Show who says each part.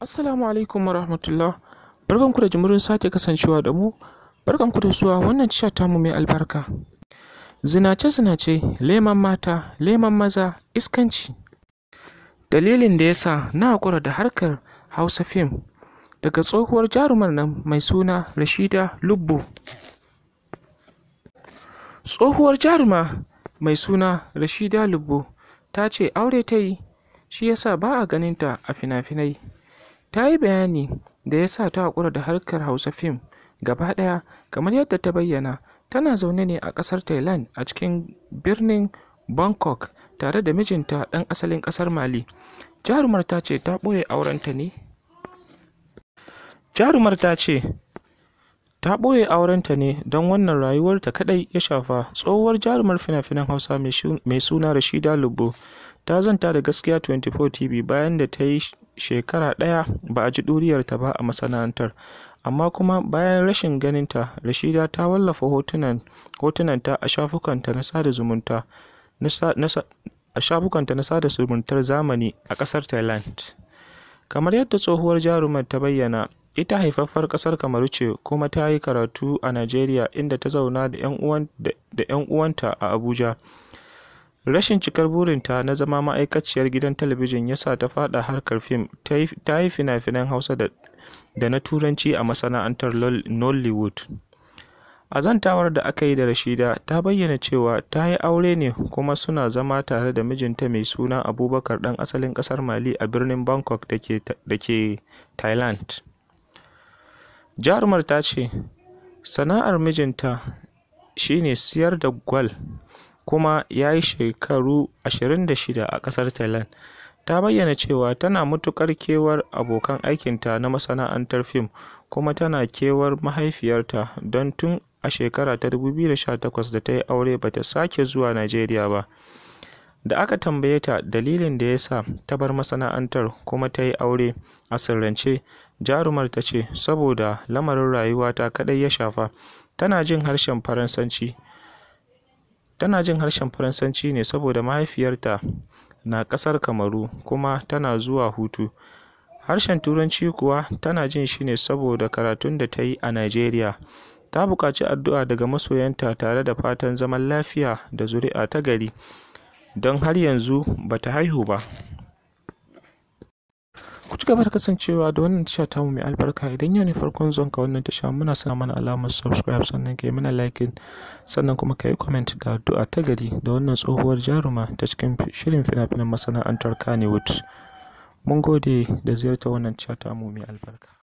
Speaker 1: Assalamu alaikum wa rahmatullah. Barkanku da jimurin sake kasancewa da mu. Barkanku da zuwa wannan ta mu mai albarka. Zinace-zinace, leman mata, leman maza, iskanci. Dalilin da yasa na haƙura da harkar Hausa fim daga tsohuwar jarumar nan mai suna Rashida Lubbo. Tsohuwar jaruma mai suna Rashida Lubbo ta ce aure ta yi, shi yasa ba a ganinta a fina-finai. ta yi bayani da ya sa ta haƙura da harkar hausa fim gaba ɗaya kamar yadda ta bayyana tana zaune ne a ƙasar thailand a cikin birnin bangkok tare da mijinta ɗan asalin ƙasar mali jarumar ta ce ta ɓoye aurenta ne jarumar ta ce ta don wannan rayuwarta kaɗai ya shafa tsohuwar jarumar fina-finan hausa mai suna rashida lubbo ta zanta da gaskiya 24 tv bayan da ta yi shekara ɗaya ba a ji ɗuriyarta ba a masana'antar, amma kuma bayan rashin ganinta, Rashida ta wallafa hotunanta a shafukanta na sada zumuntar zamani a ƙasar Thailand. Kamar yadda tsohuwar jarumar ta bayyana, ita haifaffar ƙasar Kamaru ce kuma ta yi karatu a Najeriya inda ta zauna da ‘yan uwanta a Abuja. Rashin cikar burinta na zama ma'aikaciyar gidan talabijin ya sa ta faɗa harkar fim, ta yi fina-finan Hausa da na Turanci a masana'antar Nollywood. A zantawar da aka yi da Rashida, ta bayyana cewa ta yi aure ne kuma suna zama tare da mijinta mai suna Abubakar ɗan asalin ƙasar Mali a birnin Bangkok da ke Thailand. Jarumar ta ce sana'ar mijinta shi ne siyar da gwal. kuma ya yi shekaru 26 a ƙasar Thailand, ta bayyana cewa tana matuƙar kewar abokan aikinta na masana'antar fim kuma tana kewar mahaifiyarta don tun a shekara ta 2018 da ta yi aure ba ta sake zuwa Najeriya ba. Da aka tambaye ta dalilin da ya sa ta bar masana'antar kuma ta yi aure a sirrance, jarumar ta ce, "Saboda lamarin rayuwata kaɗai ya shafa, tana jin harshen Faransanci Tana jin harshen Faransanci ne saboda mahaifiyarta na ƙasar Kamaru kuma tana zuwa hutu. Harshen Turanci kuwa tana jin shi ne saboda karatun da ta yi a Najeriya. Ta buƙaci addu'a daga masoyanta tare da fatan zaman lafiya da zuri'a ta gari, don har yanzu ba ta haihu ba. ci gaba da kasancewa da wannan tasha ta mu mai albarka idan yau ne farkon zon ka wannan tasha muna sana mana alamar subscribe sannan ka yi mana like sannan kuma ka yi comment da addu'a ta gari da wannan tsohuwar jaruma ta cikin shirin fina-finan masana'antar kanewood Mun gode da ziyartar wannan tasha ta mu mai albarka.